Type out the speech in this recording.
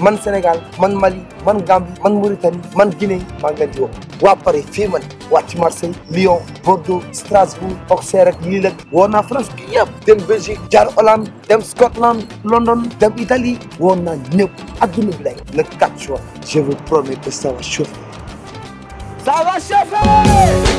man Sénégal man Mali man Gambie man Mauritanie man Guinée maa ngi leen di woo waa Paris fii man waa ci Marseille Lyon Bordeaux Strasbourg Auxerre ak Lille ak woo naa France gi yëpp dem Belgique jaar Hollande dem Scotland London dem Italie woo naa ñëpp adduna bi le 4 juin je vous promets que ça va chauffer ça va